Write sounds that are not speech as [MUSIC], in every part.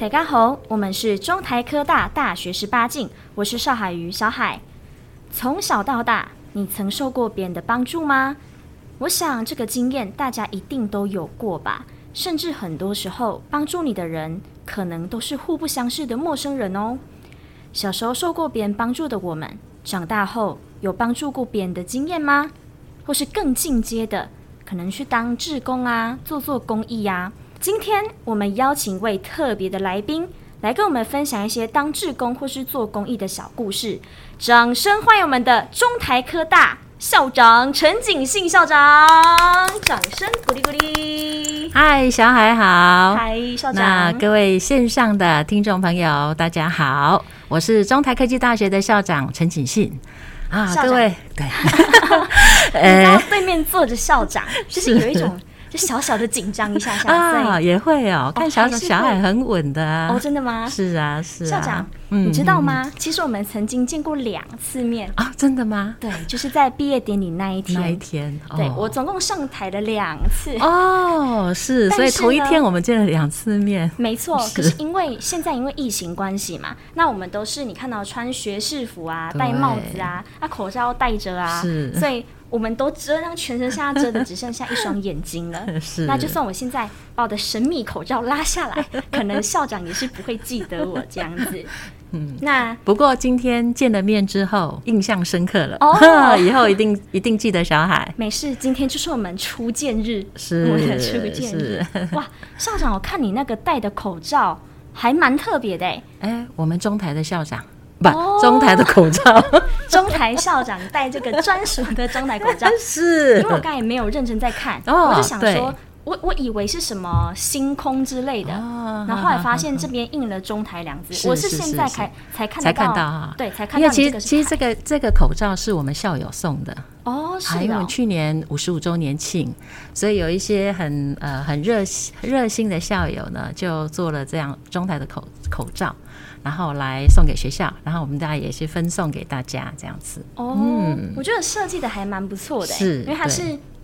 大家好，我們是中台科大大學十八鏡，我是邵海瑜小海。從小到大，你曾受過別人的幫助嗎？我想這個經驗大家一定都有過吧，甚至很多時候幫助你的人可能都是互不相識的陌生人哦。小時候受過別人幫助的我們，長大後有幫助過別人的經驗嗎？或是更進階的，可能去當志工啊，做做公益呀。今天我們邀請一位特別的來賓，來跟我們分享一些當志工或是做公益的小故事。掌聲歡迎我們的中台科大校長陳錦杏校長，掌聲鼓勵鼓勵。嗨，小海好。嗨，校長。那各位線上的聽眾朋友，大家好，我是中台科技大學的校長陳錦杏啊。長各位，對，呃， [LAUGHS] 對面坐着校長，哎、就是有一種。就小小的緊張一下下啊，也會哦。看起來是小海很穩的哦，真的嗎？是啊是啊。校長，你知道嗎？其實我們曾經見過兩次面啊，真的嗎？對，就是在畢業典禮那一天那一天。對，我總共上台了兩次哦，是。所以頭一天我們見了兩次面，沒錯。可是因為現在因為疫情關係嘛，那我們都是你看到穿學士服啊，戴帽子啊，那口罩戴着啊，所以。我們都遮，讓全身上下遮的只剩下一雙眼睛了。 [LAUGHS] 是，那就算我現在把我的神秘口罩拉下來，可能校長也是不會記得我這樣子。嗯，那不過今天見了面之後，印象深刻了。哦，以後一定一定記得小海。沒事，今天就是我們初見日，是我的初見日。哇，校長，我看你那個戴的口罩還蠻特別的誒。哎、欸，我們中台的校長。把中台的口罩，oh, [LAUGHS] 中台校長戴這個專屬的中台口罩， [LAUGHS] 是因為我剛才沒有認真在看，oh, 我就想說。我我以為是什麼星空之類的，哦、然後後來發現這邊印了“中台”兩字是，我是現在才是是是才看才看到，看到啊、對，才看到。其實其實這個這個口罩是我們校友送的哦，是哦、啊、因為我們去年五十五周年慶，所以有一些很呃很熱熱心的校友呢，就做了這樣中台的口口罩，然後來送給學校，然後我們大家也是分送給大家這樣子。哦，嗯、我覺得設計的還蠻不錯的，是，因為它是。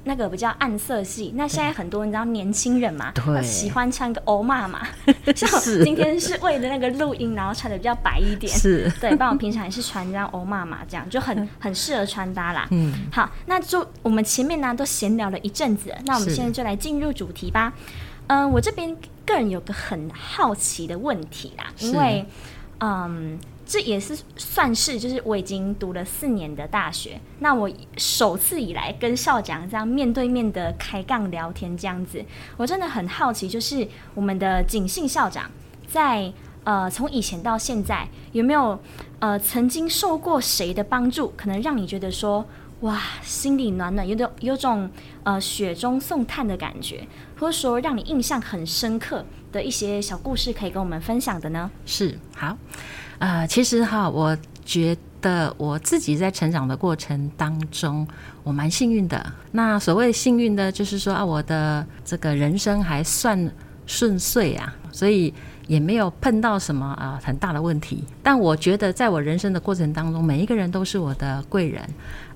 那個比較暗色系，那現在很多你知道年輕人嘛，對喜歡穿個歐媽媽。對像今天是為了那個錄音，然後穿的比較白一點。是，對，但我平常也是穿這樣歐媽媽，這樣就很 [LAUGHS] 很適合穿搭啦。嗯，好，那就我們前面呢都閒聊了一陣子，那我們現在就來進入主題吧。是嗯，我這邊個人有個很好奇的問題啦，因為是嗯。這也是算是，就是我已經讀了四年的大學，那我首次以來跟校長這樣面對面的開槓聊天這樣子，我真的很好奇，就是我們的錦杏校長在呃從以前到現在有沒有呃曾經受過誰的幫助，可能讓你覺得說哇心裡暖暖，有種有種呃雪中送炭的感覺，或者說讓你印象很深刻的一些小故事可以跟我們分享的呢？是好。啊、呃，其實哈，我覺得我自己在成長的過程當中，我蠻幸運的。那所謂幸運呢，就是說啊，我的這個人生還算順遂啊，所以也沒有碰到什麼啊、呃、很大的問題。但我覺得，在我人生的過程當中，每一個人都是我的貴人，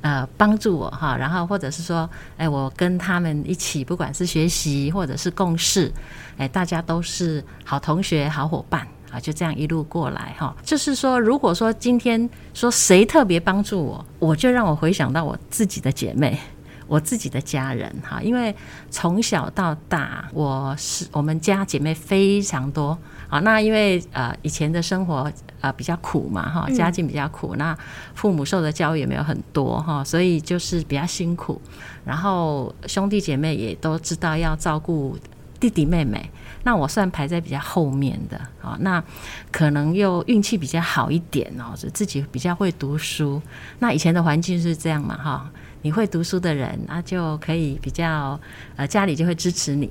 呃，幫助我哈。然後或者是說，哎，我跟他們一起，不管是學習或者是共事，哎，大家都是好同學、好夥伴。啊，就這樣一路過來哈，就是說，如果說今天說誰特別幫助我，我就讓我回想到我自己的姐妹，我自己的家人哈，因為從小到大，我是我們家姐妹非常多啊。那因為呃以前的生活呃比較苦嘛哈，家境比較苦，嗯、那父母受的教育也沒有很多哈，所以就是比較辛苦。然後兄弟姐妹也都知道要照顧，弟弟妹妹，那我算排在比較後面的啊，那可能又運氣比較好一點哦，就自己比較會讀書。那以前的環境是這樣嘛，哈，你會讀書的人，那就可以比較，呃，家裡就會支持你，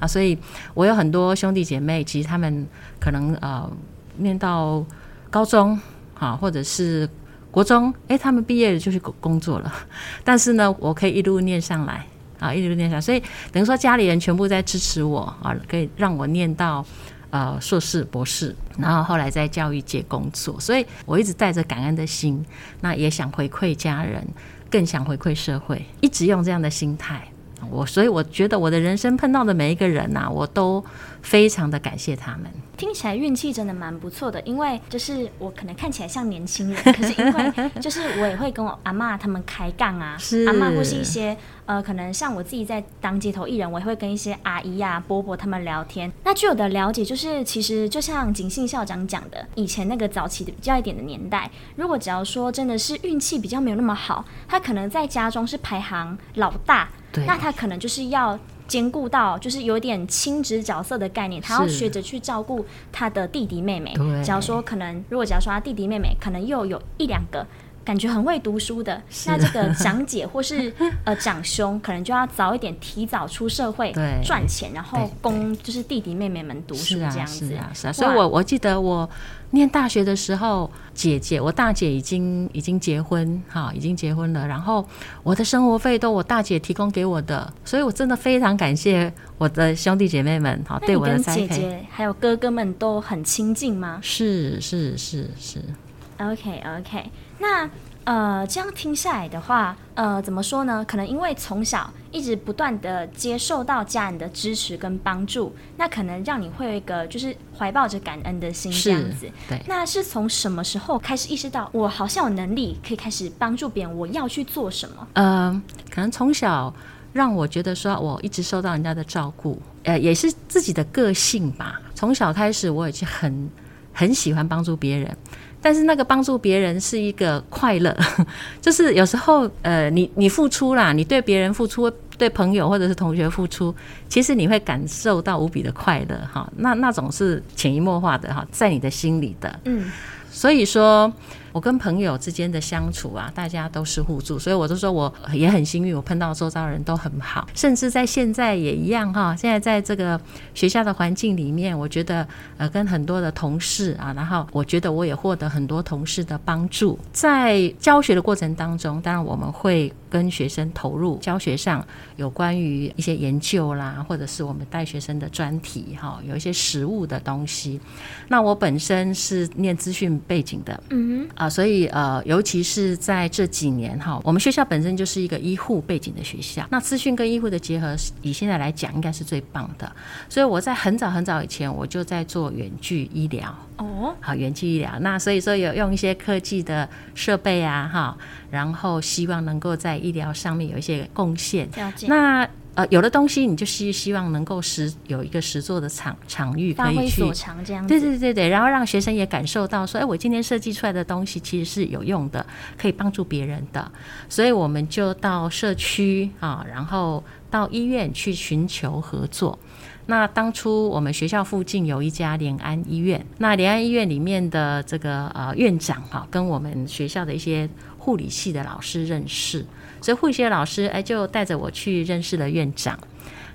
啊，所以我有很多兄弟姐妹，其實他們可能呃念到高中，好或者是國中，誒、欸，他們畢業了就去工工作了，但是呢，我可以一路念上來。啊，一直都念書，所以等於說家裡人全部在支持我啊，可以讓我念到呃碩士、博士，然後後來在教育界工作，所以我一直帶着感恩的心，那也想回饋家人，更想回饋社會，一直用這樣的心態。我，所以我覺得我的人生碰到的每一個人吶、啊，我都非常的感謝他們。聽起來運氣真的蠻不錯的，因為就是我可能看起來像年輕人， [LAUGHS] 可是因為就是我也會跟我阿嬤他們開槓啊，是阿嬤或是一些呃，可能像我自己在當街頭藝人，我也會跟一些阿姨呀、啊、伯伯他們聊天。那據我的了解，就是其實就像錦杏校長講的，以前那個早期的比較一點的年代，如果只要說真的是運氣比較沒有那麼好，他可能在家中是排行老大。那他可能就是要兼顧到，就是有點親職角色的概念，他要學着去照顧他的弟弟妹妹。對假如說，可能如果假如說他弟弟妹妹可能又有一兩個。感覺很會讀書的，那這個長姐或是，是呃長兄， [LAUGHS] 可能就要早一點，提早出社會賺對錢，然後供就是弟弟妹妹們讀書這樣子啊。啊啊哇所以我，我我記得我念大學的時候，姐姐我大姐已經已經結婚哈，已經結婚了。然後我的生活費都我大姐提供給我的，所以我真的非常感謝我的兄弟姐妹們。好，對，我的姐姐還有哥哥們都很親近嗎？是是是是。是是是 OK OK。那呃，這樣聽下來的話，呃，怎麼說呢？可能因為從小一直不斷地接受到家人的支持跟幫助，那可能讓你會有一個就是懷抱着感恩的心這樣子。對，那是從什麼時候開始意識到我好像有能力可以開始幫助別人？我要去做什麼？呃，可能從小讓我覺得說，我一直受到人家的照顧，呃，也是自己的個性吧。從小開始我也，我已經很很喜歡幫助別人。但是那個幫助別人是一個快樂，就是有時候，呃，你你付出啦，你對別人付出，對朋友或者是同學付出，其實你會感受到無比的快樂哈。那那種是潛移默化的哈，在你的心裡的，嗯，所以說。我跟朋友之間的相處啊，大家都是互助，所以我就說我也很幸運，我碰到周遭人都很好，甚至在現在也一樣哈。現在在這個學校的環境裡面，我覺得呃跟很多的同事啊，然後我覺得我也獲得很多同事的幫助。在教學的過程當中，當然我們會跟學生投入教學上有關於一些研究啦，或者是我們帶學生的專題哈，有一些實務的東西。那我本身是念資訊背景的，嗯啊，所以呃，尤其是在這幾年哈，我們學校本身就是一個醫護背景的學校，那資訊跟醫護的結合，以現在來講應該是最棒的。所以我在很早很早以前我就在做遠距醫療哦，好，遠距醫療。那所以說有用一些科技的設備啊，哈，然後希望能夠在醫療上面有一些貢獻。了解。那呃，有的東西，你就是希望能夠實有一個實作的場場域，可以去做。對對對對，然後讓學生也感受到說，哎，我今天設計出來的東西其實是有用的，可以幫助別人的。所以我們就到社區啊，然後到醫院去尋求合作。那當初我們學校附近有一家聯安醫院，那聯安醫院裡面的這個呃院長哈，啊，跟我們學校的一些。護理系的老師認識，所以護理系的老師哎，就帶着我去認識了院長。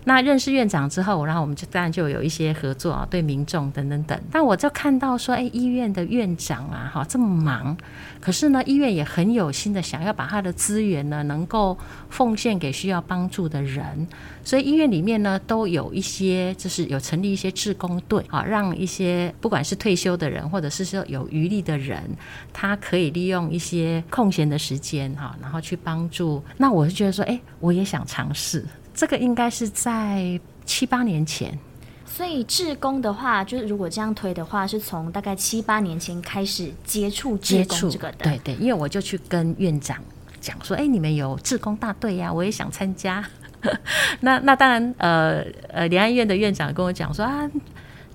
那認識院長之後，然後我們就當然就有一些合作啊，對民眾等等等。但我就看到說，哎，醫院的院長啊，哈、哦，這麼忙，可是呢，醫院也很有心的，想要把他的資源呢，能夠奉獻給需要幫助的人。所以醫院裡面呢，都有一些，就是有成立一些志工隊啊、哦，讓一些不管是退休的人，或者是說有餘力的人，他可以利用一些空閒的時間哈、哦，然後去幫助。那我是覺得說，哎，我也想嘗試。這個應該是在七八年前，所以志工的話，就是如果這樣推的話，是從大概七八年前開始接觸接觸這個的。對，對對，因為我就去跟院長講說：“哎、欸，你們有志工大隊呀、啊，我也想參加。” [LAUGHS] 那那那當然，呃呃，連安院的院長跟我講說：“啊，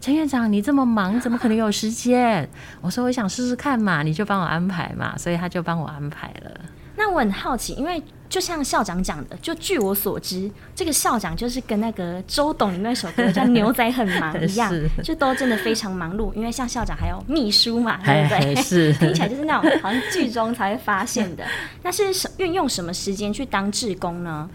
陳院長，你這麼忙，怎麼可能有時間？” [LAUGHS] 我說：“我想試試看嘛，你就幫我安排嘛。”所以他就幫我安排了。那我很好奇，因為。就像校長講的，就據我所知，這個校長就是跟那個周董那首歌叫《牛仔很忙》一樣， [LAUGHS] 是就都真的非常忙碌。因為像校長還有秘書嘛， [LAUGHS] 對不對？ [LAUGHS] 是 [LAUGHS] 聽起來就是那種好像劇中才會發現的。那 [LAUGHS] 是什運用什麼時間去當志工呢？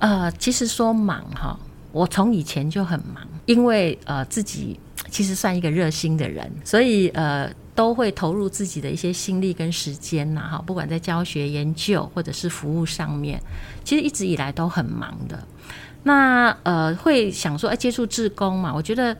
呃，其實說忙哈，我從以前就很忙，因為呃自己。其實算一個熱心的人，所以呃都會投入自己的一些心力跟時間吶哈，不管在教學、研究或者是服務上面，其實一直以來都很忙的。那呃會想說，哎、欸，接觸志工嘛，我覺得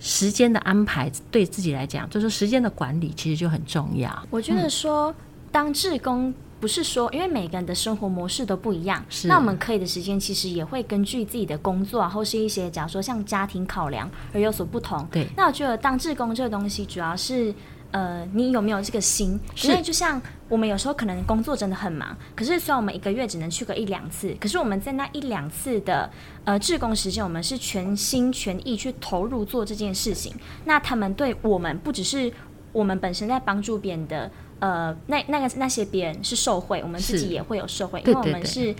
時間的安排對自己來講，就是時間的管理，其實就很重要。我覺得說當志工，不是說，因為每個人的生活模式都不一樣，是那我們可以的時間其實也會根據自己的工作或是一些，假如說像家庭考量而有所不同。對，那我覺得當志工這個東西，主要是呃，你有沒有這個心？因為是就像我們有時候可能工作真的很忙，可是雖然我們一個月只能去個一兩次，可是我們在那一兩次的呃志工時間，我們是全心全意去投入做這件事情。那他們對我們不只是我們本身在幫助別人的。呃，那那個那些別人是受惠，我們自己也會有受惠，是因為我們是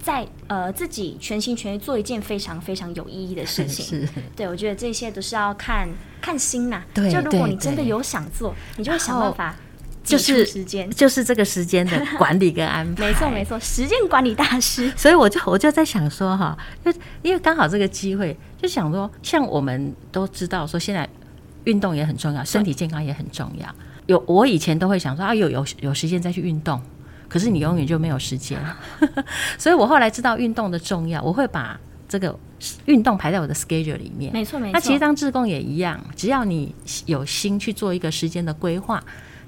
在對對對呃，自己全心全意做一件非常非常有意義的事情。是是對，我覺得這些都是要看看心吶。對，就如果你真的有想做，對對對，你就會想辦法。就是時間，就是這個時間的管理跟安排。 [LAUGHS] 沒錯沒錯，時間管理大師。所以我就我就在想說哈，因為剛好這個機會，就想說，像我們都知道說，現在運動也很重要，身體健康也很重要。有我以前都會想說啊，有有有時間再去運動，可是你永遠就沒有時間，嗯、 [LAUGHS] 所以我後來知道運動的重要，我會把這個運動排在我的 schedule 裡面。沒錯沒錯，沒錯，那其實當志工也一樣，只要你有心去做一個時間的規劃，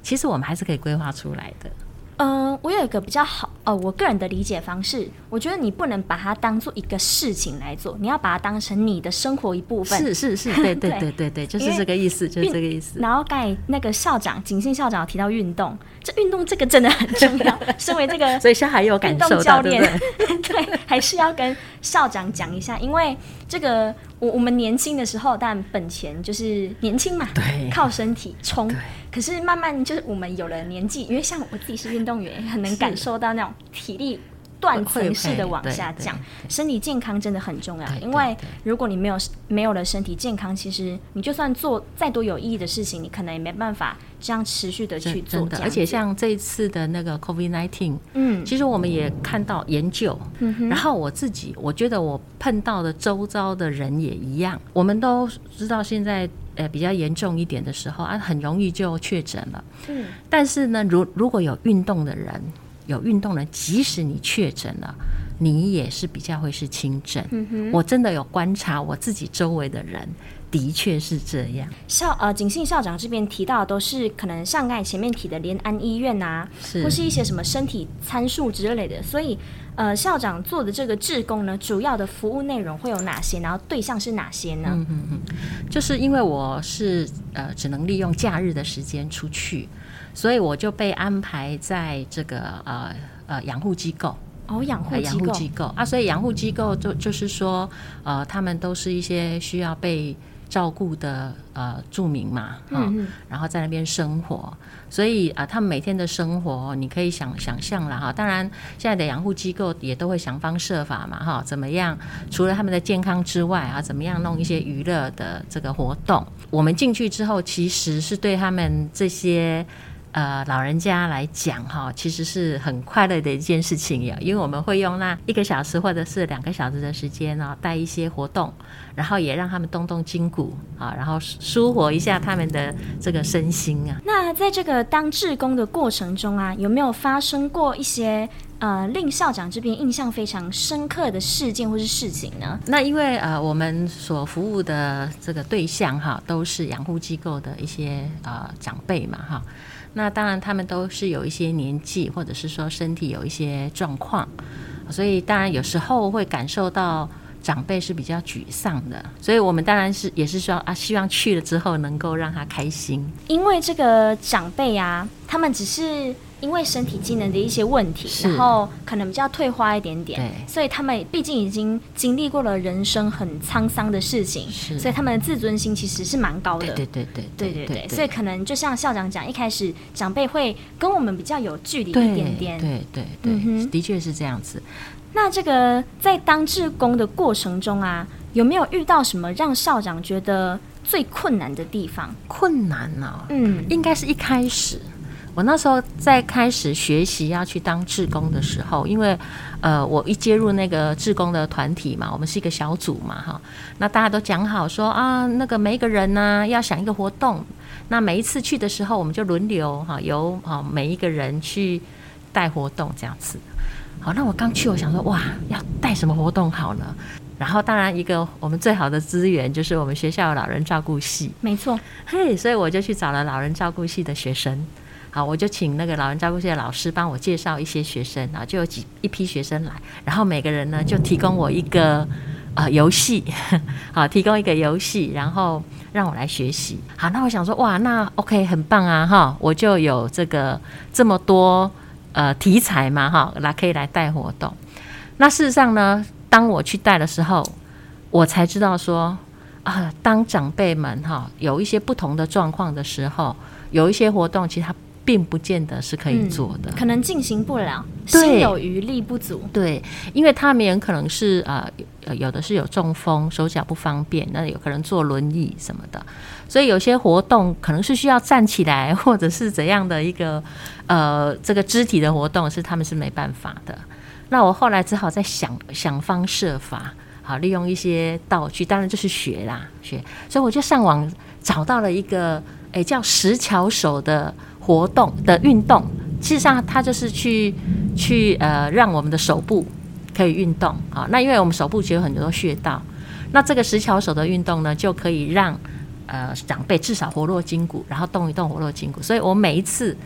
其實我們還是可以規劃出來的。嗯，我有一個比較好哦，我個人的理解方式。我覺得你不能把它當做一個事情來做，你要把它當成你的生活一部分。是是是，對對對對 [LAUGHS] 對，就是這個意思，為就是這個意思。然後蓋那個校長，錦杏校長提到運動，這運動這個真的很重要。 [LAUGHS] 身為這個運動教練所以，校長有感受到對不對, [LAUGHS] 對？還是要跟校長講一下，因為這個我我們年輕的時候，但本錢就是年輕嘛，對，靠身體衝。對可是慢慢就是我們有了年紀，因為像我自己是運動員，很能感受到那種體力。斷層式的往下降，身體健康真的很重要。因為如果你沒有沒有了身體健康，其實你就算做再多有意義的事情，你可能也沒辦法這樣持續的去做。真的，樣而且像這一次的那個 COVID-19，嗯，其實我們也看到研究，嗯，然後我自己我覺得我碰到的周遭的人也一樣，嗯，哼我們都知道現在呃比較嚴重一點的時候啊，很容易就確診了，嗯，但是呢，如如果有運動的人。有運動的，即使你確診了，你也是比較會是輕症。嗯、哼我真的有觀察我自己周圍的人，的確是這樣。校呃，錦杏校長這邊提到的都是可能上個前面提的聯安醫院啊，是或是一些什麼身體參數之類的。所以呃，校長做的這個志工呢，主要的服務內容會有哪些？然後對象是哪些呢？嗯哼哼就是因為我是呃，只能利用假日的時間出去。所以我就被安排在這個呃呃養護機構哦，養護機構、呃、養護機構啊，所以養護機構就就是說呃，他們都是一些需要被照顧的呃住民嘛，哦、嗯哼，然後在那邊生活，所以啊、呃，他們每天的生活你可以想想象了哈。當然，現在的養護機構也都會想方設法嘛哈、哦，怎麼樣？除了他們的健康之外啊，怎麼樣弄一些娛樂的這個活動？嗯、哼我們進去之後，其實是對他們這些。呃，老人家來講哈，其實是很快樂的一件事情呀。因為我們會用那一個小時或者是兩個小時的時間呢，帶一些活動，然後也讓他們動動筋骨啊，然後舒活一下他們的這個身心啊。那在這個當志工的過程中啊，有沒有發生過一些呃令校長這邊印象非常深刻的事件或是事情呢？那因為呃，我們所服務的這個對象哈，都是養護機構的一些呃長輩嘛哈。那當然，他們都是有一些年紀，或者是說身體有一些狀況，所以當然有時候會感受到長輩是比較沮喪的，所以我們當然是也是說啊，希望去了之後能夠讓他開心，因為這個長輩啊，他們只是。因為身體機能的一些問題，然後可能比較退化一點點，所以他們畢竟已經經歷過了人生很滄桑的事情，所以他們的自尊心其實是蠻高的。對對對對對對，所以可能就像校長講，一開始長輩會跟我們比較有距離一點點。對對對，的確是這樣子。那這個在當志工的過程中啊，有沒有遇到什麼讓校長覺得最困難的地方？困難呢？嗯，應該是一開始。我那時候在開始學習要去當志工的時候，因為，呃，我一接入那個志工的團體嘛，我們是一個小組嘛，哈，那大家都講好說啊，那個每一個人呢，啊，要想一個活動，那每一次去的時候我們就輪流哈，由啊每一個人去帶活動這樣子。好，那我剛去，我想說哇，要帶什麼活動好呢？然後當然一個我們最好的資源就是我們學校的老人照顧系，沒錯錯，嘿，hey, 所以我就去找了老人照顧系的學生。好，我就請那個老人照顧系的老師幫我介紹一些學生啊，就有幾一批學生來，然後每個人呢就提供我一個呃遊戲，好，提供一個遊戲，然後讓我來學習。好，那我想說，哇，那 OK，很棒啊，哈，我就有這個這麼多呃題材嘛，哈，來可以來帶活動。那事實上呢，當我去帶的時候，我才知道說啊、呃，當長輩們哈、呃、有一些不同的狀況的時候，有一些活動其實它。並不見得是可以做的，嗯，可能進行不了，心對有餘力不足。對，因為他們有可能是啊、呃，有的是有中風，手腳不方便，那有可能坐輪椅什麼的，所以有些活動可能是需要站起來或者是怎樣的一個呃這個肢體的活動是他們是沒辦法的。那我後來只好在想想方設法，好利用一些道具，當然就是學啦學。所以我就上網找到了一個誒、欸、叫十巧手的，活動的運動，事實上它就是去去呃，讓我們的手部可以運動啊。那因為我們手部其實有很多穴道，那這個十巧手的運動呢，就可以讓呃長輩至少活絡筋骨，然後動一動活絡筋骨。所以我每一次。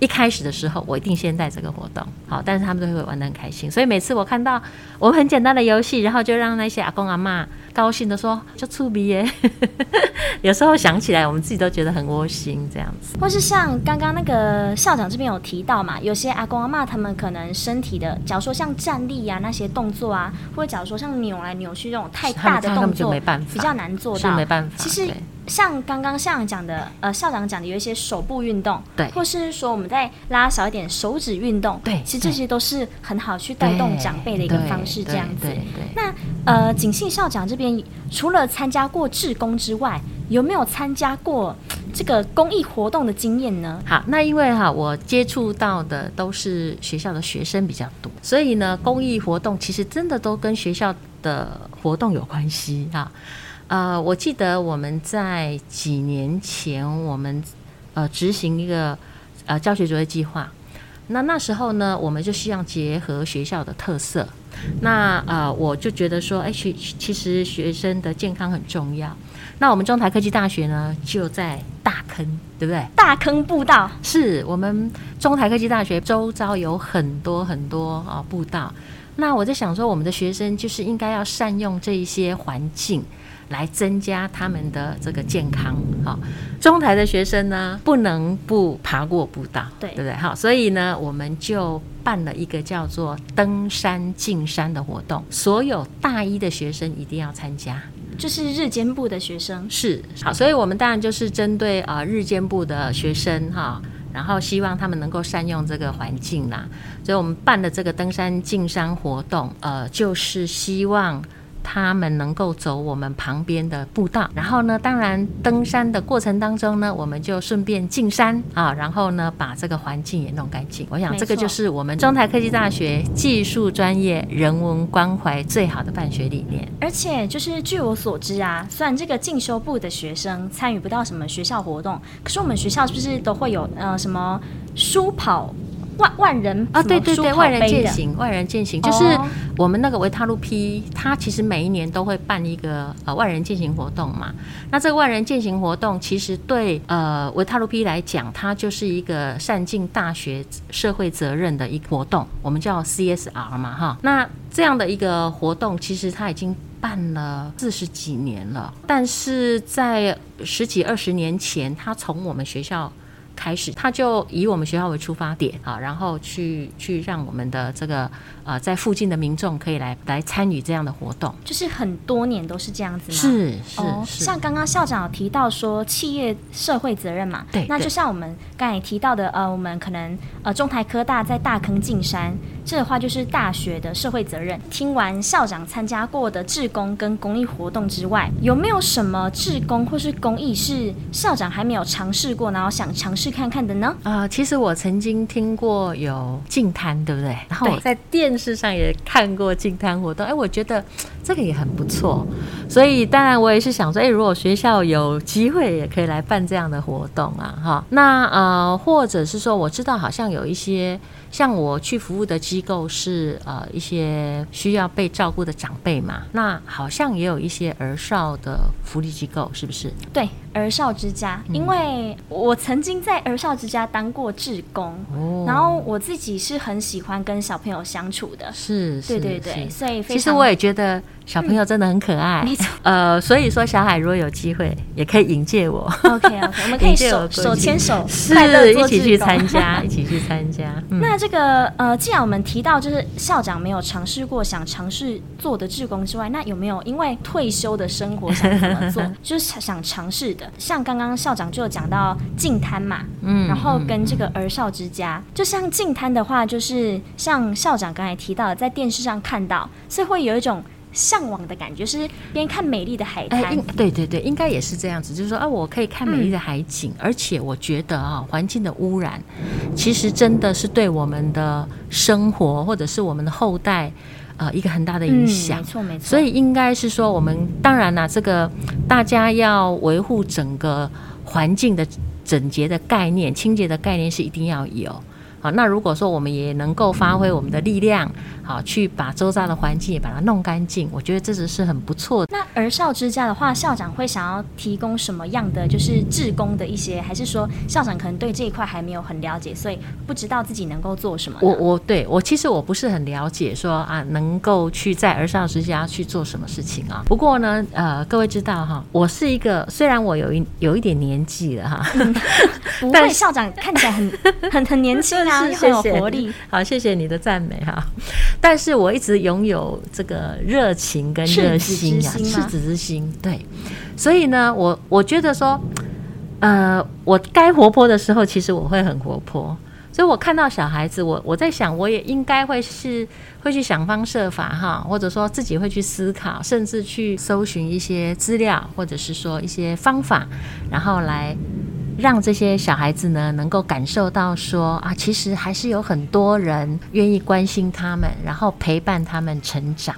一開始的時候，我一定先帶這個活動，好，但是他們都會玩得很開心。所以每次我看到我們很簡單的遊戲，然後就讓那些阿公阿嬤高興地說，足趣味耶。 [LAUGHS] 有時候想起來，我們自己都覺得很窩心這樣子。或是像剛剛那個校長這邊有提到嘛，有些阿公阿嬤他們可能身體的，假如說像站立呀那些動作啊，或者假如說像扭來扭去那種太大的動作，就沒辦法，比較難做到，沒辦法。其實。像剛剛像講的，呃，校長講的有一些手部運動，對，或是說我們再拉小一點手指運動，對，其實這些都是很好去帶動，動長輩的一個方式，這樣子。對對對對那呃，錦杏校長這邊除了參加過志工之外，有沒有參加過這個公益活動的經驗呢？好，那因為哈、啊，我接觸到的都是學校的學生比較多，所以呢，公益活動其實真的都跟學校的活動有關係啊。呃，我記得我們在幾年前，我們呃執行一個呃教學卓越計劃。那那時候呢，我們就希望結合學校的特色。那呃，我就覺得說，欸，其其實學生的健康很重要。那我們中台科技大學呢，就在大坑，對不對？大坑步道是我們中台科技大學周遭有很多很多啊步道。那我在想說，我們的學生就是應該要善用這一些環境。來增加他們的這個健康，哈、哦。中台的學生呢，不能不爬過步道，對對不對？好，所以呢，我們就辦了一個叫做“登山淨山”的活動，所有大一的學生一定要參加，就是日間部的學生？是。好，所以我們當然就是針對呃日間部的學生哈、哦，然後希望他們能夠善用這個環境啦，所以我們辦的這個登山淨山活動，呃，就是希望。他們能夠走我們旁邊的步道，然後呢，當然登山的過程當中呢，我們就順便進山啊，然後呢，把這個環境也弄乾淨。我想這個就是我們中台科技大學技術專業人文關懷最好的辦學理念。而且就是據我所知啊，雖然這個進修部的學生參與不到什麼學校活動，可是我們學校是不是都會有呃什麼書跑萬萬人啊？對對對，萬人健行，萬人健行就是。哦我們那個維他露 P，它其實每一年都會辦一個呃萬人健行活動嘛。那這個萬人健行活動，其實對呃維他露 P 來講，它就是一個善盡大學社會責任的一個活動，我們叫 CSR 嘛，哈。那這樣的一個活動，其實它已經辦了四十幾年了。但是在十幾二十年前，它從我們學校開始，它就以我們學校為出發點啊，然後去去讓我們的這個。啊、呃，在附近的民眾可以來來參與這樣的活動，就是很多年都是這樣子嘛。是是，哦、像剛剛校長有提到說企業社會責任嘛，對，對那就像我們剛才提到的，呃，我們可能呃中台科大在大坑淨山，這個、話就是大學的社會責任。聽完校長參加過的志工跟公益活動之外，有沒有什麼志工或是公益是校長還沒有嘗試過，然後想嘗試看看的呢？啊、呃，其實我曾經聽過有淨灘，對不對？然後我在電。事實上也看過淨灘活動，哎，我覺得這個也很不錯，所以當然我也是想說，哎，如果學校有機會也可以來辦這樣的活動啊，哈，那呃，或者是說，我知道好像有一些像我去服務的機構是呃一些需要被照顧的長輩嘛，那好像也有一些兒少的福利機構，是不是？對。兒少之家，因為我曾經在兒少之家當過志工，然後我自己是很喜歡跟小朋友相處的，是，是，對對對，所以其實我也覺得小朋友真的很可愛。呃，所以說小海如果有機會，也可以迎接我。OK OK，我們可以手手牽手，快樂一起去參加，一起去參加。那這個呃，既然我們提到就是校長沒有嘗試過想嘗試做的志工之外，那有沒有因為退休的生活想怎麼做？就是想想嘗試。像剛剛校長就有講到淨灘嘛，嗯，然後跟這個兒少之家，嗯、就像淨灘的話，就是像校長剛才提到的，在電視上看到，所以會有一種。嚮往的感覺，就是邊看美麗的海灘。欸，對對對，應該也是這樣子，就是說啊，我可以看美麗的海景，嗯、而且我覺得啊，環境的污染其實真的是對我們的生活或者是我們的後代呃，一個很大的影響。沒錯、嗯、沒錯。沒錯，所以應該是說，我們當然呢、啊，這個大家要維護整個環境的整潔的概念、清潔的概念是一定要有。好，那如果說我們也能夠發揮我們的力量，好去把周遭的環境也把它弄乾淨，我覺得這是是很不錯的。那兒少之家的話，校長會想要提供什麼樣的就是志工的一些，還是說校長可能對這一塊還沒有很了解，所以不知道自己能夠做什麼我？我我對我其實我不是很了解說，說啊能夠去在兒少之家去做什麼事情啊？不過呢，呃，各位知道哈，我是一個雖然我有一有一點年紀了哈，但是校長看起來很很 [LAUGHS] 很年輕的。謝謝，好，謝謝你的讚美哈。但是我一直擁有這個熱情跟熱心呀、啊，赤子之心。對，所以呢，我我覺得說，呃，我該活潑的時候，其實我會很活潑。所以我看到小孩子，我我在想，我也應該會是會去想方設法哈，或者說自己會去思考，甚至去搜尋一些資料，或者是說一些方法，然後來，讓這些小孩子呢，能夠感受到說啊，其實還是有很多人願意關心他們，然後陪伴他們成長。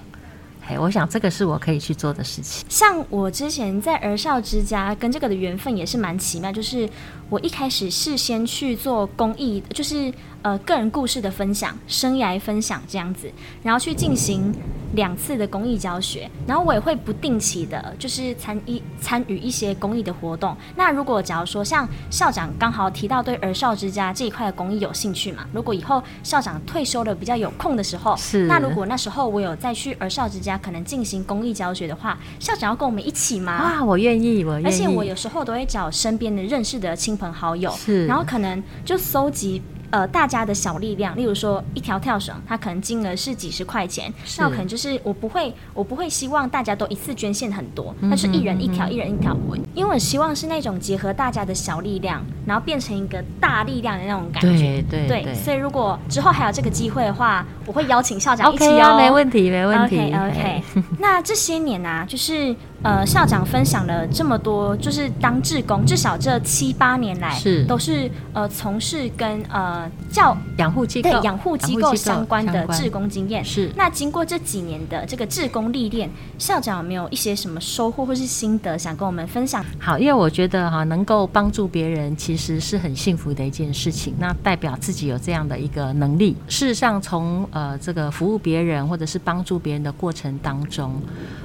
哎，我想這個是我可以去做的事情。像我之前在兒少之家跟這個的緣分也是蠻奇妙，就是我一開始是先去做公益，就是呃個人故事的分享、生涯分享這樣子，然後去進行。兩次的公益教學，然後我也會不定期的，就是參一參與一些公益的活動。那如果假如說像校長剛好提到對兒少之家這一塊的公益有興趣嘛，如果以後校長退休了比較有空的時候，是，那如果那時候我有再去兒少之家可能進行公益教學的話，校長要跟我們一起嗎？哇、啊，我願意，我願意。而且我有時候都會找身邊的認識的親朋好友，是，然後可能就蒐集。呃，大家的小力量，例如說一條跳繩，它可能金額是幾十塊錢，是那我可能就是我不會，我不會希望大家都一次捐獻很多，但、嗯嗯、是一人一條，嗯哼嗯哼一人一條，因為我希望是那種結合大家的小力量，然後變成一個大力量的那種感覺，對對對，對，所以如果之後還有這個機會的話，我會邀請校長一起邀、喔 okay, 啊，沒問題沒問題，OK OK， [LAUGHS] 那這些年啊，就是。呃，校長分享了這麼多，就是當志工至少這七八年來，是都是呃從事跟呃教養護機構對，養護機構相關的志工經驗。是那經過這幾年的這個志工歷練，是校長有沒有一些什麼收穫或是心得想跟我們分享？好，因為我覺得哈、啊，能夠幫助別人其實是很幸福的一件事情。那代表自己有這樣的一個能力。事實上，從呃這個服務別人或者是幫助別人的過程當中，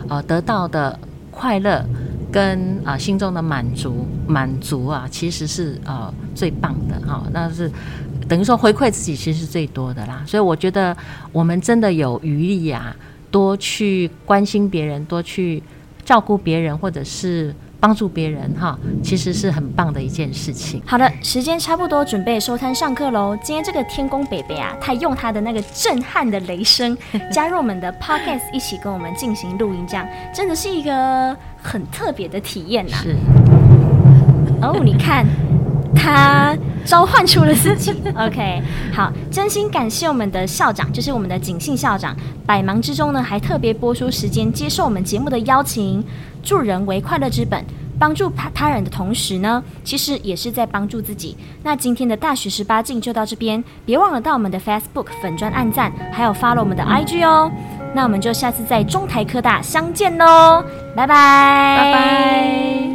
呃得到的。快樂跟啊、呃、心中的滿足滿足啊，其實是啊、呃、最棒的啊、哦，那是等於說回饋自己，其實是最多的啦。所以我覺得我們真的有餘力啊，多去關心別人，多去照顧別人，或者是幫助別人哈，其實是很棒的一件事情。好的，時間差不多，準備收攤上課嘍。今天這個天公伯伯啊，他用他的那個震撼的雷聲加入我們的 Podcast，一起跟我們進行錄音，這樣真的是一個很特別的體驗吶、啊。是哦，oh, 你看。他召喚出了自己。 [LAUGHS] OK，好，真心感謝我們的校長，就是我們的錦杏校長，百忙之中呢還特別撥出時間接受我們節目的邀請。助人為快樂之本，幫助他人的同時呢，其實也是在幫助自己。那今天的大學十八鏡就到這邊，別忘了到我們的 Facebook 粉專按讚，還有 follow 我們的 IG 哦。那我們就下次在中台科大相見嘍，拜拜拜拜。Bye bye